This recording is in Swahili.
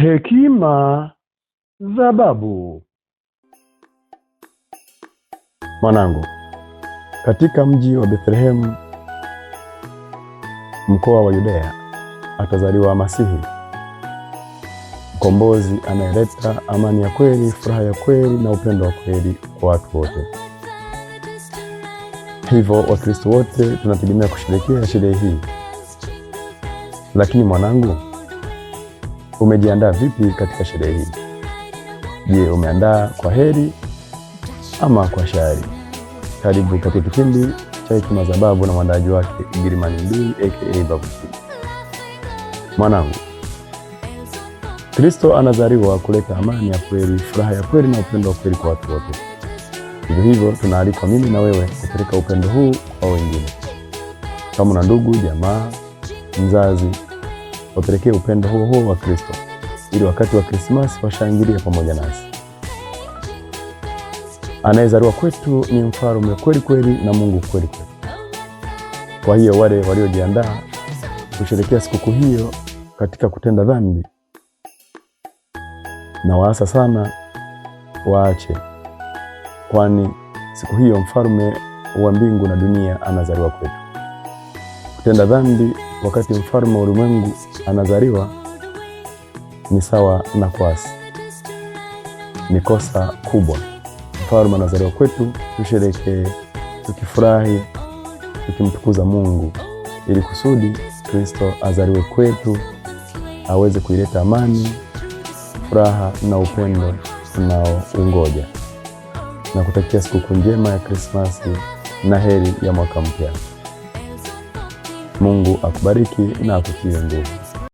Hekima za babu. Mwanangu, katika mji wa Bethlehemu mkoa wa Yudea atazaliwa Masihi mkombozi anayeleta amani ya kweli, furaha ya kweli na upendo wa kweli kwa watu wote. Hivyo Wakristo wote tunategemea kusherehekea sherehe hii. Lakini mwanangu Umejiandaa vipi katika sherehe hii? Je, umeandaa kwa heri ama kwa shari? Karibu katika kipindi cha Hekima za Babu na mwandaaji wake girimani Mdui aka Babu Mwanangu, Kristo anazaliwa kuleta amani ya kweli, furaha ya kweli na upendo wa kweli kwa watu wote. Hivyo hivyo tunaalikwa mimi na wewe kupeleka upendo huu kwa wengine, kama na ndugu, jamaa, mzazi wapelekee upendo huo huo wa Kristo ili wakati wa Krismasi washangilie pamoja nasi. Anayezaliwa kwetu ni mfalme kweli kweli na Mungu kweli kweli. Kwa hiyo wale waliojiandaa kusherekea sikukuu hiyo katika kutenda dhambi, na waasa sana waache, kwani siku hiyo mfalme wa mbingu na dunia anazaliwa kwetu. Kutenda dhambi wakati mfalme wa ulimwengu anazaliwa ni sawa na kwasi. Ni kosa kubwa. Mfalme anazaliwa kwetu, tusherekee, tukifurahi, tukimtukuza Mungu, ili kusudi Kristo azaliwe kwetu, aweze kuileta amani, furaha na upendo tunaoungoja, na kutakia sikukuu njema ya Krismasi na heri ya mwaka mpya. Mungu akubariki na akutie nguvu.